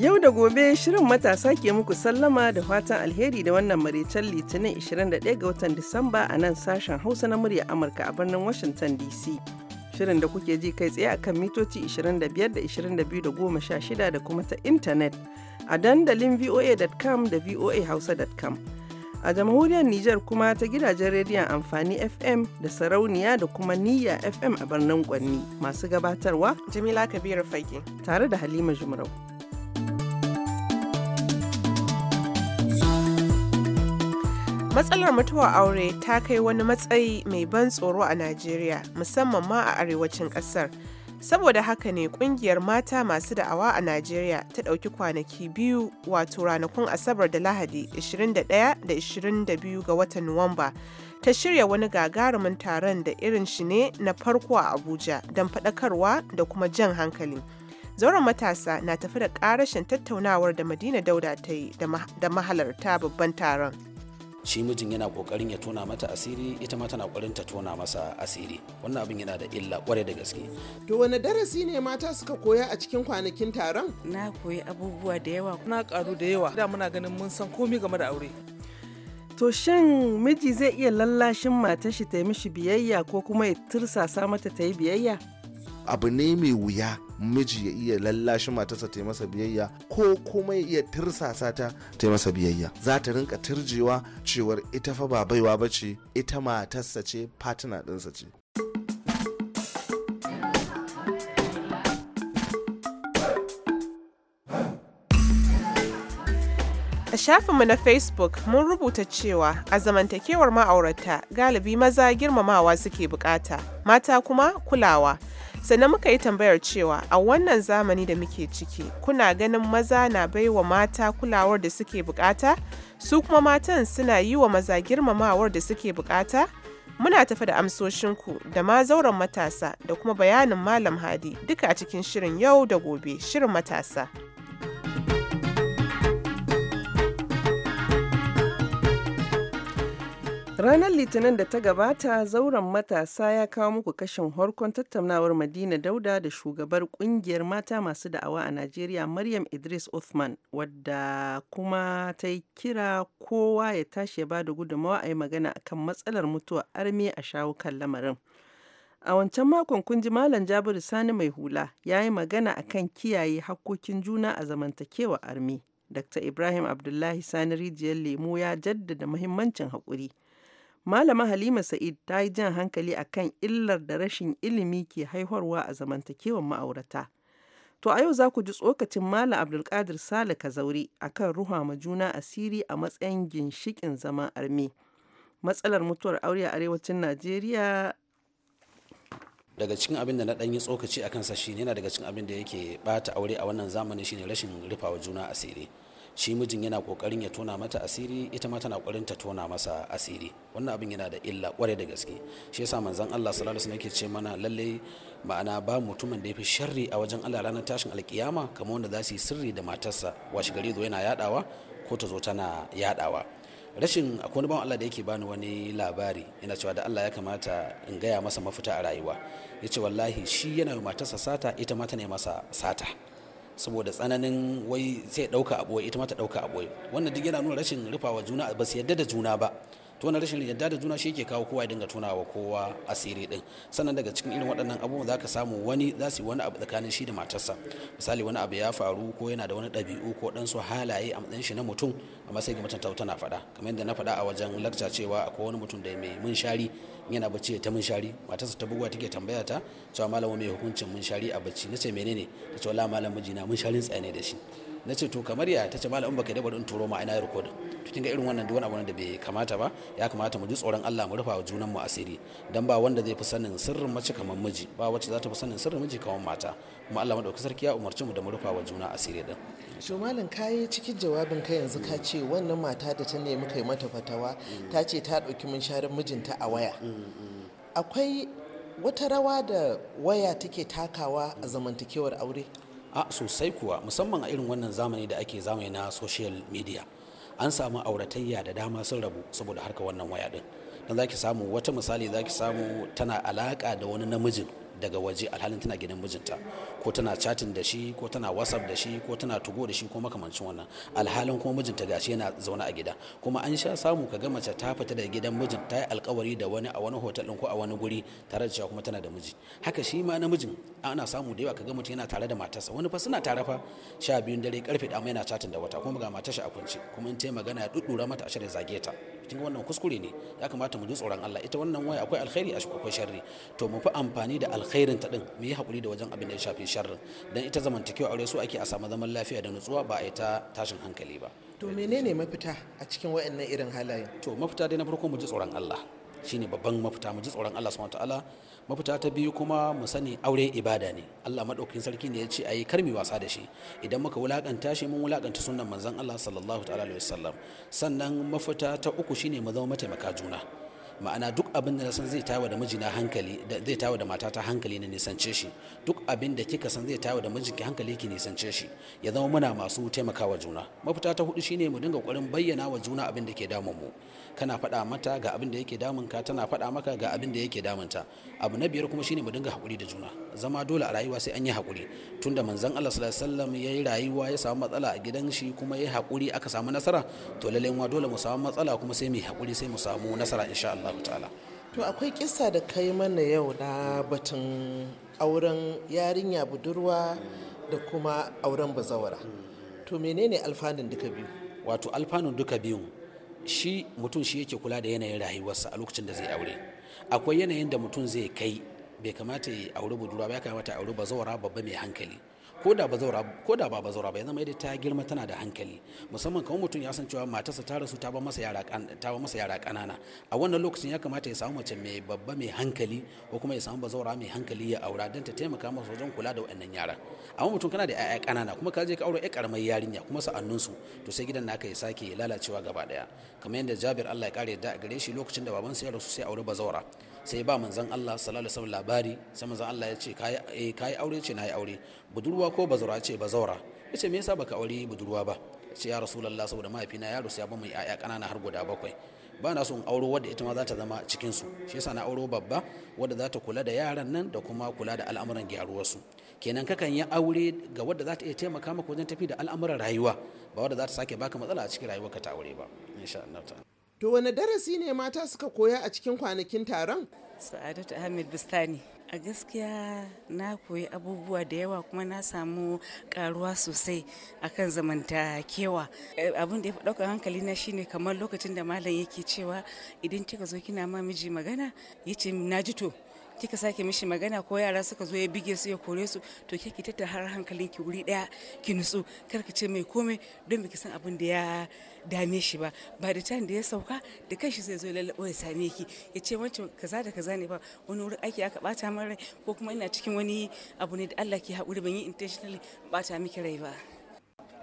Yau da gobe shirin matasa ke muku sallama da fatan alheri da wannan maraicen litinin 21 ga watan Disamba a nan sashen Hausa na murya Amurka a birnin Washington DC. Shirin da kuke ji kai tsaye akan mitoci 25 da 22 da 16 da kuma ta intanet a dandalin voa.com da voahausa.com. A jamhuriyar Nijar kuma ta gidajen rediyon amfani FM da sarauniya da kuma niyya FM a birnin Gwanni masu gabatarwa Jamila Kabiru Fage tare da Halima Jumrau. matsalar mutuwa aure ta kai wani matsayi mai ban tsoro a najeriya musamman ma a arewacin kasar saboda haka ne kungiyar mata masu da'awa a najeriya ta ɗauki kwanaki biyu wato ranakun asabar da lahadi 21 da 22 ga watan nuwamba ta shirya wani gagarumin taron da irin shi ne na farko a abuja don faɗakarwa da kuma jan hankali zauren matasa na tafi da ƙarashin tattaunawar da madina dauda ta yi da mahalarta babban taron shi mijin yana kokarin ya tona mata asiri ita ma tana kokarin ta tona masa asiri wannan abin yana da illa kware da gaske to wani darasi ne mata suka koya a cikin kwanakin taron na koyi abubuwa da yawa na karu da yawa da muna ganin mun san komai game da aure to shin miji zai iya lallashin matar shi ta yi mishi biyayya ko kuma ya tursasa mata ta yi biyayya abu ne mai wuya miji ya iya lallashi matarsa ta masa biyayya ko kuma ya iya tirsasa ta ta masa biyayya za ta rinka turjewa cewar ita fa ba baiwa bace ita matarsa ce fatina ɗinsa ce A shafinmu na Facebook mun rubuta cewa a zamantakewar ma'aurata galibi maza girmamawa suke bukata, mata kuma kulawa. sannan muka yi tambayar cewa a wannan zamani da muke ciki kuna ganin maza na baiwa mata kulawar da suke bukata su kuma matan suna yi wa maza girmamawar da suke bukata muna tafi da amsoshinku da ma zauren matasa da kuma bayanin malam hadi duka a cikin shirin yau da gobe shirin matasa. Ranar Litinin da ta gabata zauren matasa ya kawo muku kashin harkon tattaunawar Madina Dauda da shugabar kungiyar mata masu da'awa a Najeriya Maryam Idris Uthman wadda kuma ta yi kira kowa ya tashi ya bada gudunmawa a yi magana akan matsalar mutuwa armi a shawukan lamarin. A wancan makon kun ji Malam Jabiru Sani mai hula ya yi magana akan kiyaye hakkokin juna a zamantakewa armi. Dr. Ibrahim Abdullahi Sani Rijiyar Lemo ya jaddada muhimmancin haƙuri. Malama Halima Sa'id ta yi jan hankali akan illar da rashin ilimi ke haihuwa a zamantakewar ma'aurata. To a yau za ku ji tsokacin Malam Abdulkadir Sale Kazauri kan ruha ma juna asiri a matsayin ginshikin zama arme. Matsalar mutuwar aure a arewacin Najeriya daga cikin abin da na ɗanyi tsokaci a kansa shine yana daga cikin abin da yake bata aure a wannan zamanin shine rashin rufawa juna asiri. shi mijin yana kokarin ya tona mata asiri ita ma tana kokarin ta tona masa asiri wannan abin yana da illa kware da gaske shi yasa manzon Allah sallallahu alaihi wasallam yake ce mana lalle ma'ana ba mutumin da yafi sharri a wajen Allah ranar tashin alkiyama kamar wanda za su yi sirri da matarsa washi gari zo yana yadawa ko ta zo tana yadawa rashin akwai wani Allah da yake bani wani labari yana cewa da Allah ya kamata in gaya masa mafita a rayuwa ya ce wallahi shi yana yi matarsa sata ita ma tana masa sata saboda tsananin wai sai ɗauka abuwai ita ma ta ɗauka abuwai wannan duk yana nuna rashin rufawa juna ba su yadda da juna ba Tuna rashin yadda da juna shi ke kawo kowa ya dinga tunawa kowa asiri din sannan daga cikin irin waɗannan abubuwan ka samu wani za su yi wani abu tsakanin shi da matarsa misali wani abu ya faru ko yana da wani ɗabi'u ko ɗan su halaye a matsayin shi na mutum amma sai ga mutum tana faɗa kamar yadda na faɗa a wajen lakca cewa akwai wani mutum da mai shari yana bacci ta shari matarsa ta buguwa take tambaya ta cewa malama mai hukuncin shari a bacci na ce menene ta ce wala malam mijina sharin tsaye ne da shi na ce to kamar ya ta ce malamin baka da in turo ma ina yi rikodin to kinga irin wannan duk wani abu da bai kamata ba ya kamata mu ji tsoron Allah mu rufa wa junan mu asiri dan ba wanda zai fi sanin sirrin mace kamar miji ba wacce za ta fi sanin sirrin miji kamar mata kuma Allah madaukakin sarki ya umarci mu da mu rufa wa juna asiri din to malam kai cikin jawabin ka yanzu ka ce wannan mata da ta nemi kai mata fatawa ta ce ta dauki mun sharar mijinta a waya akwai wata rawa da waya take takawa a zamantakewar aure a sosai kuwa musamman a irin wannan zamani da ake zamani na social media an samu auratayya da dama sun rabu saboda harka wannan waya din dan zaki samu wata misali zaki samu tana alaka da wani namijin daga waje alhalin tana gidan mijinta ko tana chatting da shi ko tana whatsapp da shi ko tana tugo da shi ko makamancin wannan alhalin kuma mijinta gashi yana zaune a gida kuma an sha samu ka ga mace ta fita da gidan mijin ta yi alkawari da wani a wani hotel ko a wani guri tare da cewa kuma tana da miji haka shi ma namijin ana samu da yawa kaga ga mutum yana tare da matarsa wani fa suna tare fa sha biyun dare karfe da yana chatting da wata kuma ga matar shi a kunci kuma in ta magana ya duddura mata a shirin zage ta kin wannan kuskure ne ya kamata mu ji tsoron Allah ita wannan waya akwai alkhairi akwai sharri to mu fi amfani da alkhairi khairin ta din mu yi hakuri da wajen abin da ya shafi sharrin dan ita zamantakewa aure su ake a samu zaman lafiya da nutsuwa ba a yi ta tashin hankali ba to menene mafita a cikin waɗannan irin halaye. to mafita dai na farko mu ji tsoron Allah shine babban mafita mu ji tsoron Allah subhanahu wataala mafita ta biyu kuma mu sani aure ibada ne Allah madaukakin sarki ne ya ce ayi karmi wasa da shi idan muka wulakanta shi mun wulakanta sunnan manzon Allah sallallahu ta'ala alaihi wasallam sannan mafita ta uku shine mu zama mataimaka juna ma'ana duk abin da na san zai tawa da mijina hankali zai tawa da matata hankali na nisance shi duk abin da kika san zai tawa da mijinki hankali ki nisance shi ya zama muna masu taimakawa juna mafita ta hudu shine mu dinga ƙoƙarin bayyana wa juna abin da ke damun mu kana faɗa mata ga abin da yake damunka tana faɗa maka ga abin da yake ta abu na biyar kuma shine mu dinga haƙuri da juna zama dole a rayuwa sai an yi haƙuri tunda manzon Allah sallallahu alaihi wasallam yayi rayuwa ya samu matsala a gidan shi kuma yayi haƙuri aka samu nasara to lalle ma dole mu samu matsala kuma sai mu yi haƙuri sai mu samu nasara insha Allah ta'ala to akwai kissa da kai mana yau na batun auren yarinya budurwa da kuma auren bazawara to menene alfanun duka biyu wato alfanun duka biyu shi mutum shi yake kula da yanayin rayuwarsa a lokacin da zai aure akwai yanayin da mutum zai kai bai kamata ya aure budurwa ba ya kamata aure bazawara babba mai hankali ko da ba zaura ba ya zama ta girma tana da hankali musamman kamar mutum ya san cewa matarsa ta rasu ta ba masa yara kanana a wannan lokacin ya kamata ya samu mace mai babba mai hankali ko kuma ya samu ba zaura mai hankali ya aura don ta taimaka masa wajen kula da wannan yara amma mutum kana da ƴaƴa kanana kuma ka je ka aure ƴar karamar yarinya kuma sa'annun su to sai gidan naka ya sake lalacewa gaba daya kamar yadda Jabir Allah ya kare yadda gare shi lokacin da babansa ya rasu sai aure zaura. sai ba manzon Allah sallallahu alaihi wasallam labari sai manzon Allah ya ce kai eh, kai aure ce nayi aure budurwa ko bazawara ce bazawara yace me yasa baka aure budurwa ba ce ya rasulullah saboda mahaifina ya rusu ya ba mai yaya kanana har guda bakwai ba na son auro wadda ita ma za ta zama cikin su shi yasa na auro babba wadda za ta kula da yaran nan da kuma kula da al'amuran gyaruwar su kenan kakan yi aure ga wadda za ta iya taimaka maka wajen tafi da al'amuran rayuwa ba wadda za ta sake baka matsala a cikin rayuwarka ta aure ba insha Allah ta'ala To wani darasi ne mata suka koya a cikin kwanakin taron? Sa'adatu Ahmed Bistani. A gaskiya na koyi abubuwa da yawa kuma na samu karuwa sosai akan zamantakewa. Abin da ya fi ɗaukar hankali na shine kamar lokacin da malam yake cewa idan kika zo kina ma miji magana yace na ji to kika sake mishi magana ko yara suka zo ya bige su ya kore su to ke ki tattara har hankalin ki wuri daya ki nutsu kar ki ce mai komai don biki san abin da ya dame shi ba ba da can da ya sauka da shi zai zo ya lallabo ya same ki ya ce wancan kaza da kaza ne ba wani wurin aiki aka bata min rai ko kuma ina cikin wani abu ne da Allah ke haƙuri ban yi intentionally bata miki rai ba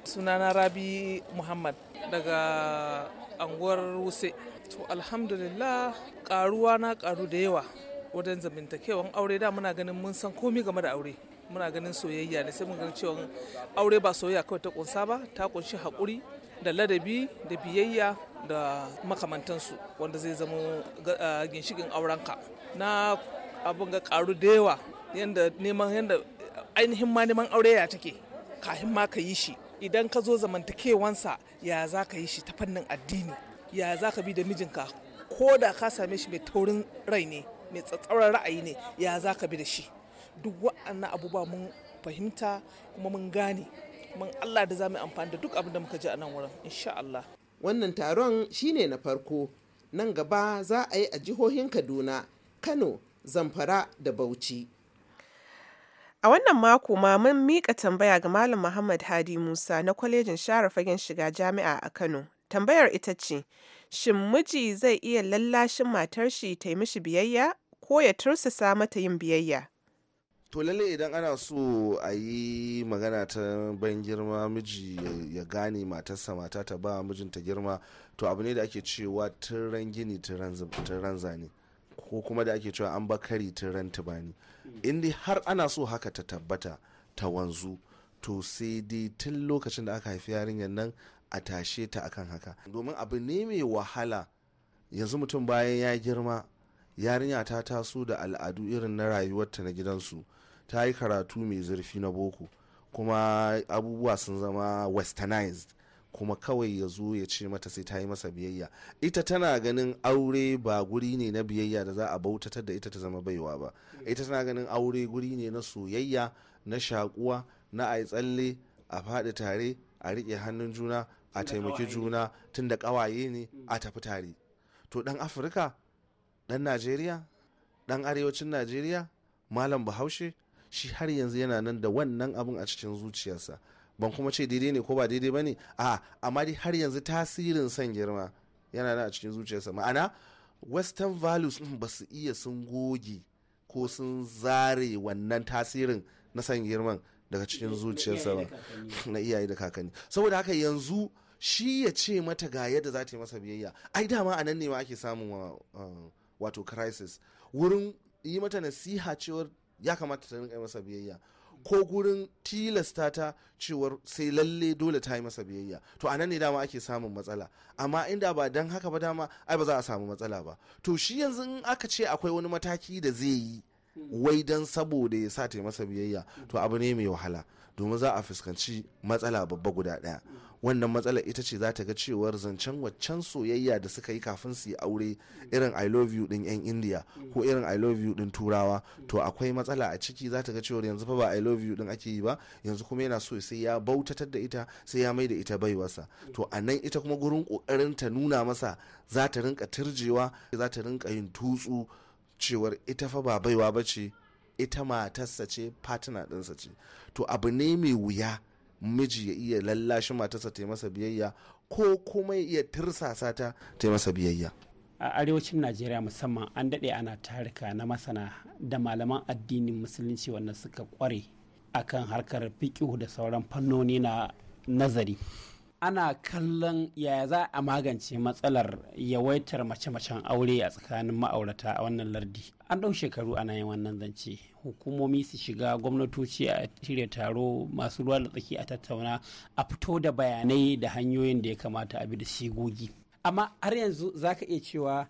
sunana rabi muhammad daga anguwar wuse to alhamdulillah karuwa na karu da yawa wajen zamantakewan aure da muna ganin mun san komi game da aure muna ganin soyayya ne sai mun ganin cewa aure ba soyayya kawai ta kunsa ba ta kunshi hakuri da ladabi da biyayya da makamantansu wanda zai zama ginshikin aurenka na abin ga karu da yawa yadda neman yadda ainihin ma neman aure ya take kafin ma ka yi shi idan ka zo zamantakewansa ya za ka yi shi ta fannin addini ya za ka bi da mijinka ko da ka same shi mai taurin rai ne mai tsatsauran ra'ayi ne ya za ka bi da shi duk wa'annan abubuwa mun fahimta kuma mun gane mun Allah da za mu amfani da duk abin da muka ji a nan wurin insha Allah wannan taron shine na farko nan gaba za a yi a jihohin Kaduna Kano Zamfara da Bauchi A wannan mako ma mun miƙa tambaya ga Malam Muhammad Hadi Musa na kwalejin share fagen shiga jami'a a Kano. Tambayar ita ce, Shin miji zai iya lallashin matar shi ta yi mishi biyayya ko ya tursasa mata yin biyayya? to lalle idan ana so a yi magana ta ban girma miji ya gane matarsa mata ta ba mijinta girma to abu ne da ake cewa turan gini turan zane ko kuma da ake cewa an bakari turan tubani inda har ana so haka ta tabbata ta wanzu to sai dai tun lokacin da aka haifi yarinyar nan a tashe ta akan haka domin abu ne mai wahala yanzu mutum bayan ya girma yarinya ta taso da al'adu irin na rayuwarta na gidansu ta yi karatu mai zurfi na boko kuma abubuwa sun zama westernized kuma kawai ya zo ya ce mata sai ta yi masa biyayya ita tana ganin aure ba guri ne na biyayya da za a bautatar da ita ta zama baiwa ba ita tana ganin aure guri ne na soyayya na shakuwa na a tsalle a faɗi tare a riƙe hannun juna a taimaki juna tun da ƙawaye ne a tafi tare to dan afirka ɗan najeriya ɗan arewacin najeriya malam bahaushe shi har yanzu yana nan da wannan abin a cikin zuciyarsa ban kuma ce daidai ne ko ba daidai ba ne a amma dai har yanzu tasirin son girma yana nan a cikin zuciyarsa ma'ana western values ba su iya sun goge ko sun zare wannan tasirin na son girman daga cikin zuciyarsa ba na iyaye da kakanni saboda haka yanzu shi ya ce mata ga yadda za ta yi masa biyayya ai dama a nan ne ma ake samun um, wato crisis wurin yi mata nasiha cewar ya kamata ta rinka masa biyayya ko gurin tilasta ta cewar sai lalle dole ta yi masa biyayya to a nan ne dama ake samun matsala amma inda ba dan haka ba dama ai ba za a samu matsala ba to shi yanzu in aka ce akwai wani mataki da zai yi hmm. wai dan saboda ya sa ta yi masa biyayya to abu ne mai wahala domin za a fuskanci matsala babba guda ɗaya wannan matsala ita ce za ta ga cewar zancen waccan soyayya da suka yi kafin su yi aure irin i love you din yan india ko irin i love you din turawa to akwai matsala a ciki za ta ga cewar yanzu fa ba i love you din ake yi ba yanzu kuma yana so sai ya bautatar da ita sai ya maida ita baiwarsa to a nan ita kuma gurin kokarin ta nuna masa za ta rinka turjewa za ta rinka yin tutsu cewar ita fa ba baiwa ba ce ita matarsa ce partner ɗinsa ce to abu ne mai wuya miji ya iya lallashi matarsa ta masa biyayya ko kuma ya iya tirsasa ta ta masa biyayya a arewacin najeriya musamman an daɗe ana tarika na masana da malaman addinin musulunci wanda suka kware akan harkar fiƙihu da sauran fannoni na nazari ana kallon yaya za a magance matsalar yawaitar mace-macen aure a tsakanin ma'aurata a wannan lardi an ɗau shekaru ana yin wannan zance hukumomi su shiga gwamnatoci a shirya taro masu ruwa da tsaki a tattauna a fito da bayanai da hanyoyin da ya kamata a bi da sigogi amma har yanzu za ka iya cewa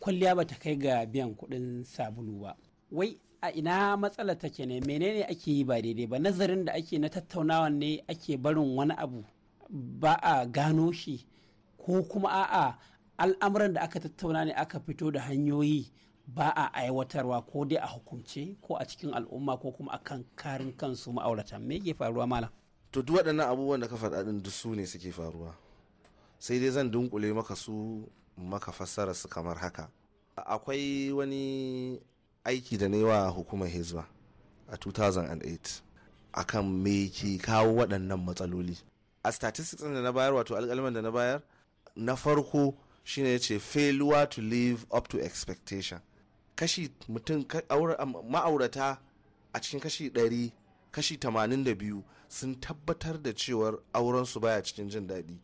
kwalliya ba ta kai ga biyan kuɗin sabulu ba wai a ina matsala take ne menene ake yi ba daidai ba nazarin da ake na tattaunawa ne ake barin wani abu ba a gano shi ko kuma a'a al'amuran da aka tattauna ne aka fito da hanyoyi ba a aiwatarwa ko dai a hukunce ko a cikin al'umma ko kuma a kan karin kansu ma'auratan me ke faruwa malam to duk waɗannan abubuwan da ka faɗa ɗin duk su ne suke faruwa sai dai zan dunkule maka su maka fassara su kamar haka akwai wani aiki da wa hukumar hizba a 2008 akan me ke kawo waɗannan matsaloli a statistics da na bayar wato alƙalman da na bayar na farko shine ya ce failure to live up to expectation kashi mutum ma'aurata a cikin kashi ɗari kashi tamanin da biyu sun tabbatar da cewar aurensu baya cikin jin daɗi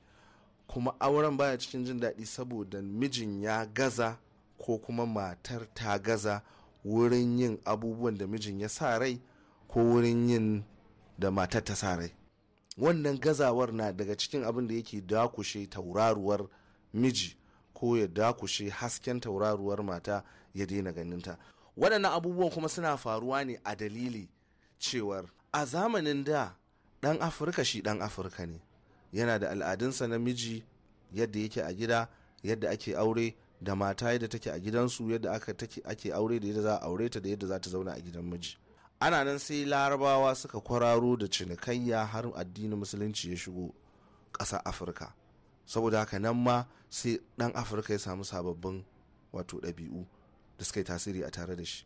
kuma auren baya cikin jin daɗi saboda mijin ya gaza ko kuma matar ta gaza wurin yin abubuwan da mijin ya sa rai ko wurin yin da matar ta sa rai wannan gazawar na daga cikin abin da yake dakushe tauraruwar miji ko ya dakushe hasken tauraruwar mata ya daina ganin ta waɗannan abubuwan kuma suna faruwa ne a dalili cewar a zamanin da ɗan afirka shi ɗan afirka ne yana da al'adunsa na miji yadda yake a gida yadda ake aure da mata yadda take a gidansu yadda ake aure da yadda za a aure ta da yadda za ta zauna a gidan miji ana nan sai larabawa suka kwararo da cinikayya har addinin musulunci ya shigo ƙasa afirka saboda haka nan ma sai ɗan afirka ya samu sababbin wato ɗabi'u da suka yi tasiri a tare da shi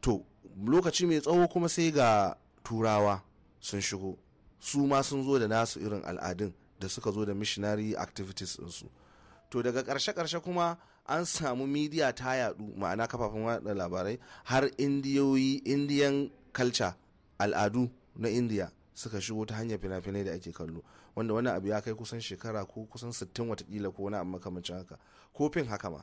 to lokaci mai tsawo kuma sai ga turawa sun shigo su ma sun zo da nasu irin al'adun da suka zo da missionary activities su to daga karshe karshe kuma an samu media ta yadu ma'ana kafafen watsa labarai har indiyoyi indian culture al'adu na india suka shigo ta hanyar fina-finai da ake kallo wanda wani abu ya kai kusan shekara ko kusan 60 watakila ko wani abu makamancin haka kofin haka ma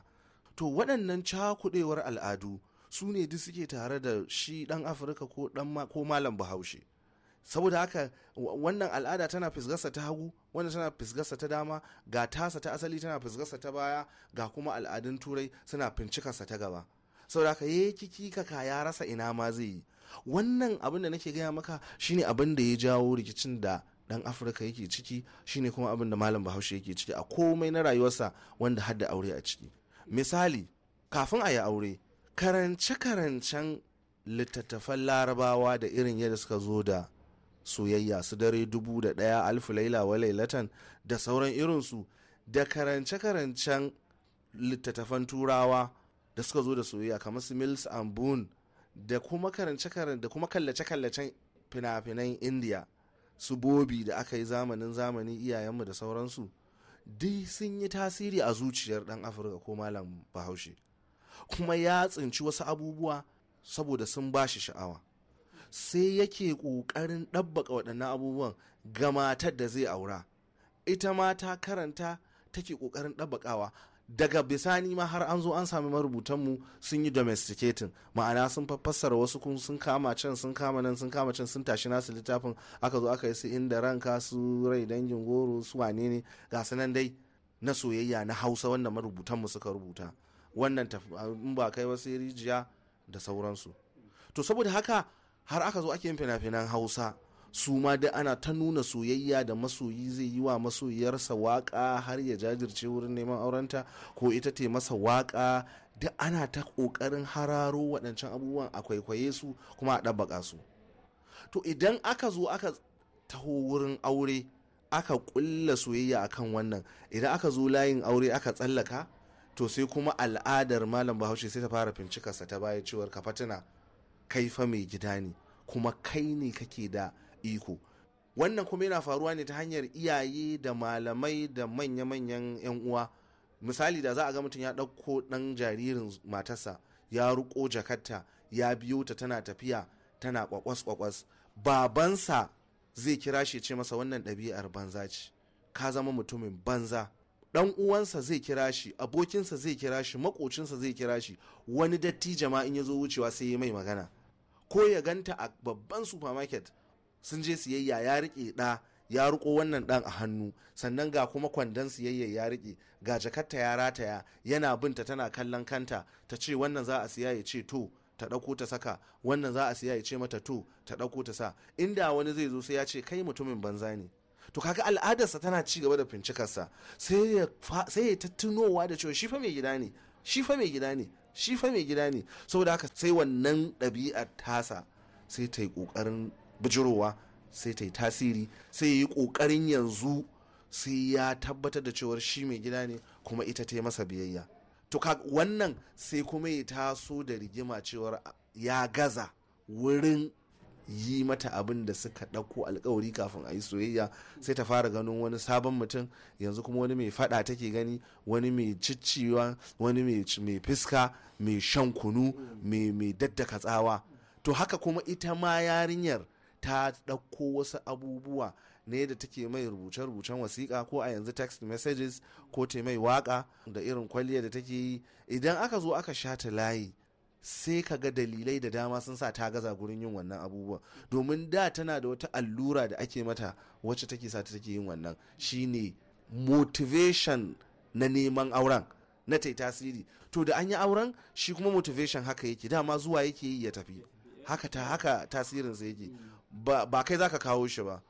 to waɗannan cakudewar al'adu su ne duk suke tare da shi ɗan afirka ko malam bahaushe saboda haka wannan al'ada tana fisgarsa ta hagu wannan tana fisgarsa ta dama ga tasa ta asali tana fisgarsa ta baya ga kuma al'adun turai suna fincikarsa ta gaba saboda haka ya kiki kaya ya rasa ina ma zai yi wannan abin da nake gaya maka shine abin da ya jawo rikicin da dan afirka yake ciki shine kuma abin da malam bahaushe yake ciki a komai na rayuwarsa wanda hadda aure a ciki misali kafin a yi aure karance-karancen littattafan larabawa da irin yadda suka zo da soyayya su dare dubu da ɗaya alfu laila wa lailatan da sauran irinsu da karance-karancen littattafan turawa da suka zo da soyayya kamar su mills and boone da kuma karance da kuma kallace-kallacen fina-finan india su bobi da aka yi zamanin zamani iyayenmu da sauransu duk sun yi tasiri a zuciyar dan afirka ko malam bahaushe kuma ya tsinci wasu abubuwa saboda sun ba shi sha'awa sai yake ƙoƙarin ɗabbaka waɗannan abubuwan ga matar da zai aura ita ma ta karanta take ƙoƙarin ɗabbakawa daga bisani ma har an zo an sami marubutan mu sun yi domesticating ma'ana sun fassara wasu kun sun kama can sun kama nan sun kama can sun tashi nasu littafin aka zo aka yi su inda ranka su rai dangin goro su wane ne ga nan dai na soyayya na hausa wannan marubutanmu suka rubuta wannan in ba kai wasu rijiya da sauransu to saboda haka har aka zo ake yin fina-finan hausa su ma dai ana ta nuna soyayya da masoyi zai yi wa masoyiyarsa waka har ya jajirce wurin neman aurenta ko ita ta masa waka duk ana ta kokarin hararo waɗancan abubuwan a kwaikwaye su kuma a ɗabaƙa su to idan aka zo aka taho wurin aure aka ƙulla soyayya akan wannan idan aka zo layin aure aka tsallaka to sai kuma al'adar malam bahaushe sai ta fara fincikarsa ta baya cewar ka fatina kai mai gida ne kuma kai ne kake da iko wannan kuma yana faruwa ne ta hanyar iyaye da malamai da manya-manyan 'yan uwa misali da za a ga mutum ya ɗauko ɗan jaririn matarsa ya ruko jakarta ya biyo ta tana tafiya tana kwakwas-kwakwas babansa zai kira shi ce masa wannan ɗabi'ar banza ce ka zama mutumin banza ɗan uwansa zai kira shi abokinsa zai kira shi makocinsa zai kira shi wani datti ma in ya zo wucewa sai ya mai magana ko ya ganta a babban supermarket sun je siyayya ya rike da ya riko wannan dan a hannu sannan ga kuma kwandon siyayya ya rike ga jakarta ya rataya yana binta tana kallon kanta ta ce wannan za a siya ya ce to ta ɗauko ta saka wannan za a siya ya ce mata to ta ɗauko ta sa inda wani zai zo sai ya ce kai mutumin banza ne to kaga al'adarsa tana ci gaba da fincikarsa sai ya tattunowa da cewa shi fa mai gida ne shi fa mai gida ne shi fa mai gida ne saboda haka sai wannan ɗabi'ar tasa sai ta yi ƙoƙarin bijirowa sai ta yi tasiri sai ya yi ƙoƙarin yanzu sai ya tabbatar da cewar shi mai gida ne kuma ita ta yi masa biyayya to wannan sai kuma ya taso da rigima cewar ya gaza wurin yi mata abin da suka ɗauko alkawari kafin a yi soyayya sai ta fara ganin wani sabon mutum yanzu kuma wani mai fada take gani wani mai cicciwa wani mai fiska mai shan kunu mai daddaka tsawa to haka kuma ita ma yarinyar ta ɗauko wasu abubuwa ne da take mai rubuce-rubucen wasiƙa ko a yanzu text messages ko ta mai waƙa da irin kwalliya da take yi idan aka zo aka sha ta layi sai ka ga dalilai da dama sun sa ta gaza gurin yin wannan abubuwa domin da tana da wata allura da ake mata wacce take sa ta take yin wannan shine motivation na neman auren na ta tasiri to da an yi auren shi kuma motivation haka yake dama zuwa yake yi ya tafi haka ta haka tasirinsa yake ba kai zaka kawo shi ba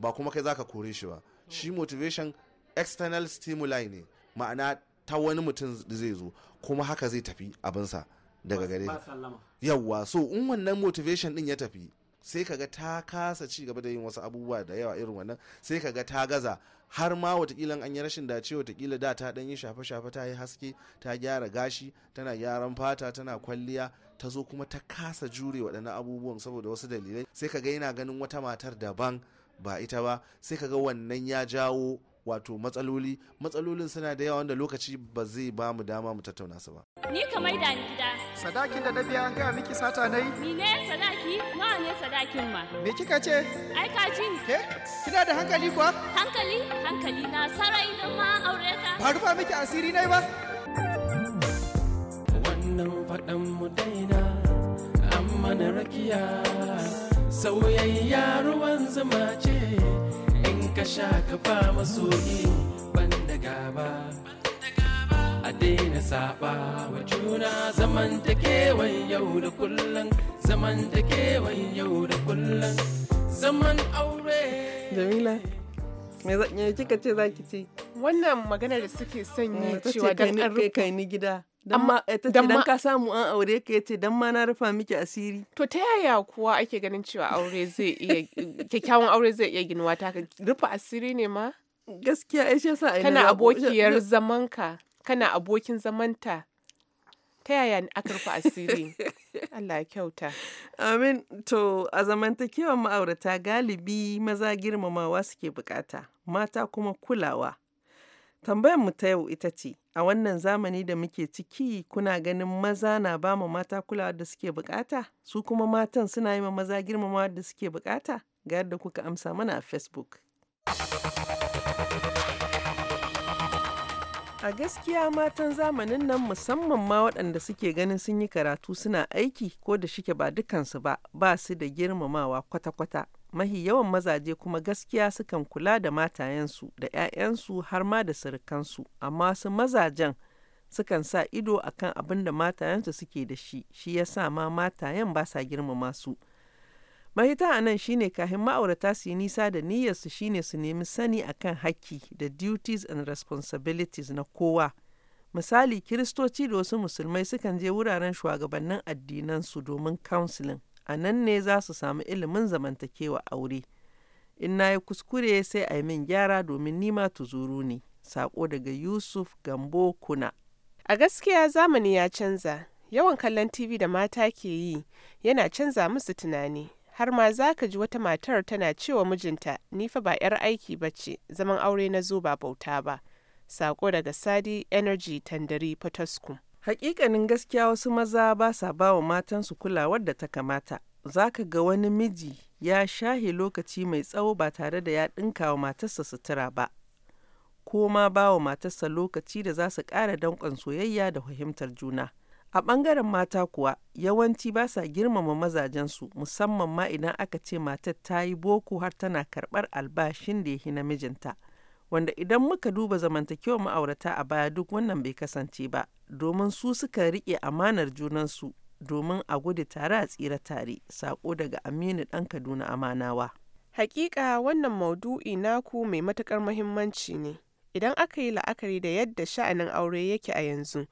ba kuma kai zaka kore shi ba shi motivation external stimuli ne ma'ana ta wani mutum zai zo kuma haka zai tafi abinsa daga gare yawwa so in wannan motivation din ya tafi sai kaga ta kasa ci gaba da yin wasu abubuwa da yawa irin wannan sai kaga ta gaza har ma watakila an yi rashin dace watakila da ta dan yi shafe-shafe ta yi haske ta gyara gashi tana gyaran fata tana kwalliya ta zo kuma ta kasa jure waɗannan abubuwan saboda wasu dalilai sai ka ga yana ganin wata matar daban ba ita ba sai ka ga wannan ya jawo wato matsaloli matsalolin suna da yawa wanda lokaci ba zai ba mu dama mu tattauna su ba ni ka maida ni gida sadakin da na biya an gaya miki sata nai ni ne sadaki nawa ne sadakin ma me kika ce ai ka ji ke kina da hankali kuwa hankali hankali na sarai na ma aure ka ba rufa miki asiri nai ba wannan faɗan mu daina amma na rakiya sauyayya ruwan zuma ce in ka sha ka ba masoyi banda gaba a daina saba wa juna zaman da kewan yau da kullum zaman da kewan yau da kullum zaman aure jamila me kika ce za ki ci wannan magana da suke sanyi cewa dan ni kai ni gida Amma eh, ta ce dan ka samu an aure ka yace dan ma na rufa miki asiri. To ta yaya kuwa ake ganin cewa aure zai iya kyakkyawan aure zai iya ginuwa ta rufa asiri ne ma? Gaskiya ai shi yasa kana abokiyar zamanka kana abokin zamanta ta yaya aka rufa asiri. Allah kyauta. Amin to a zamantakewar ma'aurata galibi maza girmamawa suke bukata mata kuma kulawa. Tambayar mu ta yau ita ce A wannan zamani da muke ciki kuna ganin maza na ba ma mata kulawa da suke bukata? Su kuma matan suna yi ma maza girmamawa da suke bukata? Ga yadda kuka amsa mana a Facebook. A gaskiya matan zamanin nan musamman ma waɗanda suke ganin sun yi karatu suna aiki ko da shike ba dukansu ba, ba su da girmamawa kwata-kwata. mahi yawan mazaje kuma gaskiya sukan kula da matayensu da 'ya'yansu har ma da surukansu amma su mazajen sukan sa ido a kan abin da matayensu suke da shi shi ya sa ma matayen ba sa girmama su mahita a nan shine kahin ma'aurata su yi nisa da niyyarsu shine su nemi sani akan haƙƙi da duties and responsibilities na kowa misali kiristoci da wasu musulmai sukan je wuraren shugabannin addinansu domin counseling a nan ne za su samu ilimin zamantakewa aure. In na yi kuskure sai a yi min gyara domin nima tuzuru ne. Sako daga Yusuf Gambo Kuna. A gaskiya zamani ya canza, yawan kallon TV da mata ke yi yana canza musu tunani. Har ma za ka ji wata matar tana cewa mijinta, ni fa ba 'yar aiki bace zaman aure na zo ba bauta ba. Saƙo daga Sadi Energy Tandari Potoskum. Hakikanin gaskiya wasu maza ba sa ba wa matansu kulawar da ta kamata. Za ka ga wani miji ya shahe lokaci mai tsawo ba tare da ya ɗinka wa matarsa sutura ba, ko ma ba wa matarsa lokaci da za su ƙara danƙon soyayya da fahimtar juna. A ɓangaren mata kuwa, yawanci ba sa girmama mazajensu, musamman ma idan aka ce matar ta yi boko har tana karɓar albashin da ya hina mijinta Wanda idan muka duba zamantakewar ma'aurata a baya duk wannan bai kasance ba, domin su suka riƙe amanar junansu domin a gudu tare a tsira tare saƙo daga aminu ɗan kaduna amanawa hakika wannan maudu'i naku mai matuƙar muhimmanci ne idan aka yi la'akari da yadda sha'anin aure yake a yanzu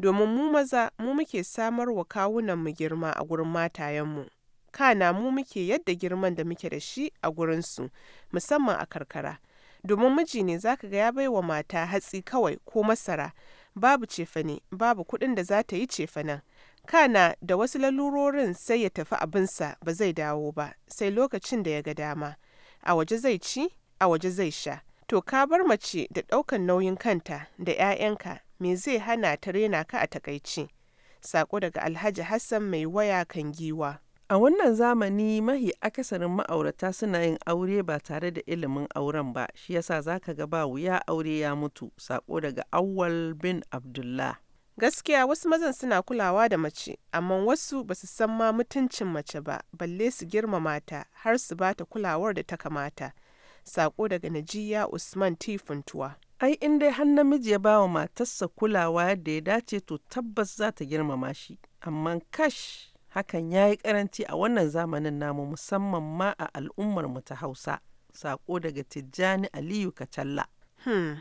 domin mu maza mu muke samar wa kawunan mu girma a gurin matayenmu kana mu muke yadda girman da muke da shi a gurinsu musamman a karkara domin miji ne zaka ga ya baiwa mata hatsi kawai ko masara babu cefane, babu kuɗin da za ta yi cefanen. Kana da wasu lalurorin sai ya tafi abinsa ba zai dawo ba, sai lokacin da ya ga dama. A waje zai ci, a waje zai sha. To ka bar mace da ɗaukan nauyin kanta da 'ya'yanka me zai hana ta rena ka a takaici. Sako daga Alhaji Hassan mai waya kan giwa. A wannan zamani mahi akasarin ma'aurata suna yin aure ba tare da ilimin auren ba, shi yasa zaka ga ba wuya aure ya mutu, sako daga Awwal bin Abdullah. Gaskiya wasu mazan suna kulawa da mace, amma wasu ba su san ma mutuncin mace ba, balle su girmama ta har su ba ta kulawar da ta kamata. Sako daga Najiya Usman Tifuntuwa. Ai in dai har namiji ya bawa matarsa kulawa yadda ya dace to tabbas za ta girmama shi, amma kash hakan ya yi karanci a wannan zamanin namu musamman ma a al'ummar mu ta hausa sako daga tijjani aliyu kacalla hmm.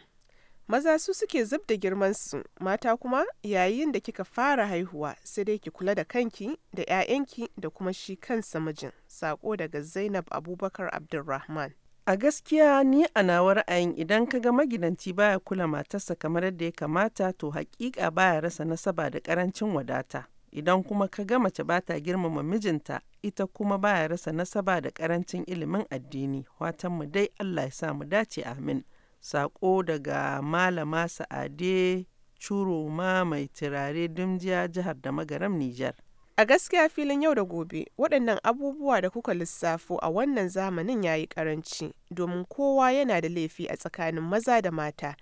maza su suke zub da girman su mata kuma yayin da kika fara haihuwa sai dai ki kula da kanki da 'ya'yanki da kuma shi kansa mijin sako daga zainab abubakar abdulrahman a gaskiya ni a nawa ra'ayin idan ka ga magidanci baya kula matarsa kamar yadda ya kamata to hakika baya rasa nasaba da karancin wadata idan kuma ka ga mace ba ta girmama mijinta ita kuma baya rasa nasaba da karancin ilimin addini watan mu dai Allah ya sa mu dace amin sako daga malama sa'ade ma mai turare dumjiya jihar da magaram Nijar. A gaskiya filin yau da gobe waɗannan abubuwa da kuka lissafo a wannan zamanin ya yi ƙaranci domin kowa yana da laifi a tsakanin maza da mata.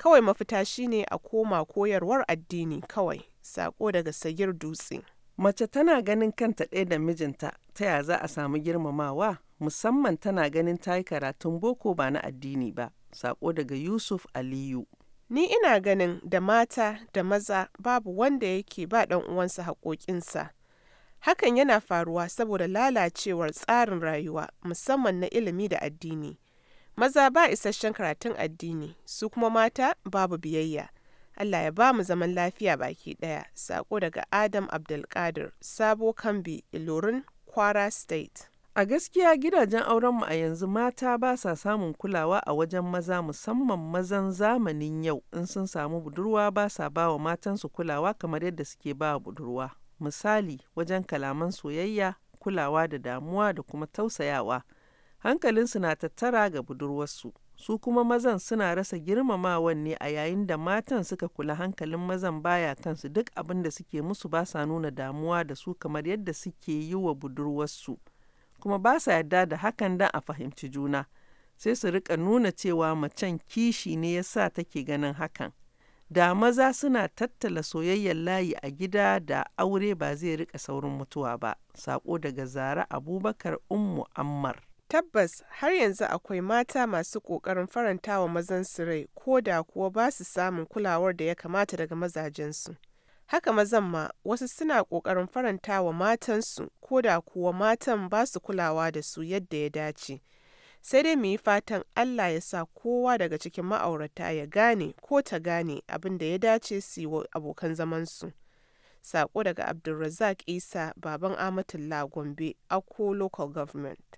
Kawai mafita shine a koma koyarwar addini kawai. Sako daga Sagir Dutse. Mace tana ganin kanta ɗaya da mijinta, ta ya za a samu girmamawa? Musamman tana ganin ta yi karatun boko ba na addini ba. Sako daga Yusuf Aliyu. Ni ina ganin da mata da maza babu wanda yake ba ɗan uwansa haƙoƙinsa. Hakan yana faruwa saboda lalacewar tsarin rayuwa musamman na ilimi da addini. Maza ba isasshen karatun addini, su kuma mata babu biyayya. Allah ya ba mu zaman lafiya baki ɗaya. saƙo daga Adam Abdulkadir, Sabo Kambi, Ilorin, Kwara State. A gaskiya gidajen aurenmu a yanzu mata ba sa samun kulawa a wajen maza musamman mazan zamanin yau in sun samu budurwa ba sa ba wa matansu kulawa kamar yadda suke ba budurwa. Misali wajen kalaman soyayya, kulawa da damuwa da kuma tausayawa. Hankalinsu na tattara ga budurwarsu. su kuma mazan suna rasa girmamawan ne a yayin da matan suka kula hankalin mazan baya kansu duk abin da suke musu ba sa nuna damuwa da su kamar yadda suke yi wa budurwarsu kuma ba sa yarda da hakan dan a fahimci juna sai su rika nuna cewa macen kishi ne ya sa take ganin hakan da maza suna tattala soyayyar layi a gida da aure ba zai rika saurin mutuwa ba sako daga zara abubakar ummu ammar Tabbas har yanzu akwai mata masu ƙoƙarin mazan su rai ko da kuwa ba su samun kulawar da ya kamata daga mazajensu. Haka mazan ma wasu suna ƙoƙarin faranta wa matansu ko da kuwa matan ba su kulawa da su yadda ya dace. Sai dai mu yi fatan Allah ya sa kowa daga cikin ma'aurata ya gane ko ta gane abin da ya dace su yi wa abokan zamansu. Sako daga Abdulrazak Isa, baban Amatullah Gombe, Akko Local Government.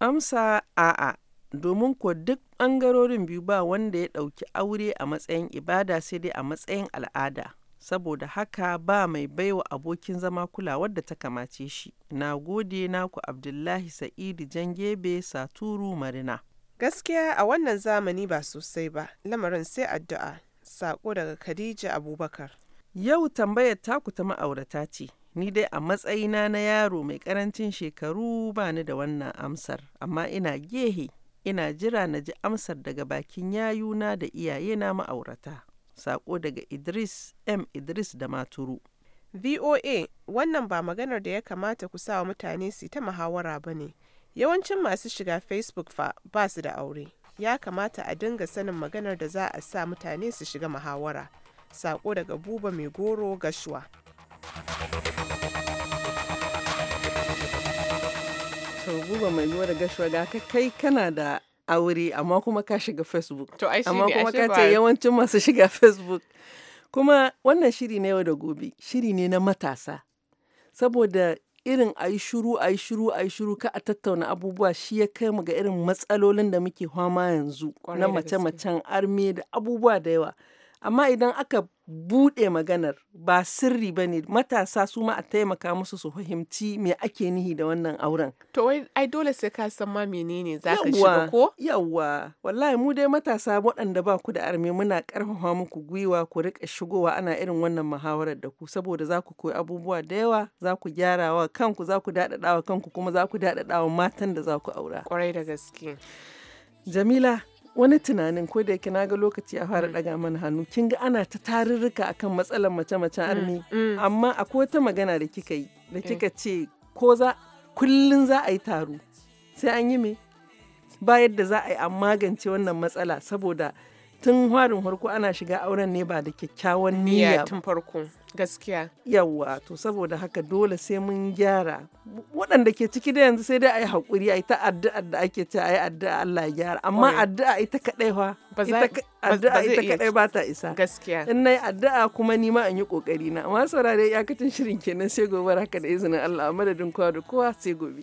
Amsa a'a, domin ko duk ɓangarorin biyu ba wanda ya ɗauki aure a matsayin ibada sai dai a matsayin al'ada, saboda haka ba mai baiwa abokin zama kulawar da ta kamace shi. Na gode naku Abdullahi Sa'idu Jangebe Saturu Marina. Gaskiya a wannan zamani ba sosai ba, lamarin sai addu'a. Sako daga Khadija Abubakar. Yau tambayar taku ta ma'aurata ce, ni dai a matsayina na yaro mai karancin shekaru ba ni da wannan amsar, amma ina gehe, ina jira na ji amsar daga bakin yayuna da iyayena ma'aurata. Sako daga Idris M. Idris da Maturu. VOA wannan ba maganar da ya kamata ku sawa mutane su ta muhawara ba ne. Yawancin masu shiga Facebook fa ba su da aure. Ya kamata a dinga sanin maganar da za a sa mutane su shiga muhawara. Sako daga Buba Mai Goro Gashuwa. to guba mai da gashuwa ga kai kana da aure amma kuma ka shiga facebook amma kuma ka ce yawancin masu shiga facebook kuma wannan shiri na yau da gobe shiri ne na matasa saboda irin a yi shuru a yi shuru a yi shuru ka a tattauna abubuwa shi ya kai mu ga irin matsalolin da muke fama yanzu na mace-macen arme da abubuwa da yawa amma idan aka buɗe maganar ba sirri ba ne matasa su ma a taimaka musu su fahimci me ake nihi da wannan auren. To wai ai dole sai ka san ma menene za ka shiga ko? Yawwa, wallahi mu dai matasa waɗanda ba ku da arme muna ƙarfafa muku gwiwa ku riƙa shigowa ana irin wannan muhawarar da ku saboda za ku koyi abubuwa da yawa za ku gyara kanku za ku daɗaɗa kanku kuma za ku daɗaɗa matan da za ku aura. Ƙwarai da gaske. Jamila, wani tunanin ko da yake naga lokaci a fara daga mana hannu kin ga ana ta tarurruka akan matsalar mace-macen mm, arni mm. amma akwai wata magana da kika yi da eh. kika ce ko za kullun za a yi taro sai an yi me ba yadda za a yi a magance wannan matsala saboda tun harin harko ana shiga auren ne ba da kyakkyawan niyya tun farko gaskiya yawa to saboda haka dole sai mun gyara waɗanda ke ciki da yanzu sai dai a yi haƙuri a yi ta addu'a da ake ce a yi addu'a Allah ya gyara amma addu'a ita kaɗai fa addu'a ita kaɗai ba ta isa gaskiya in na yi addu'a kuma ni ma an yi ƙoƙari na amma saurare iyakacin shirin kenan sai gobe haka da izinin Allah a madadin kowa da kowa sai gobe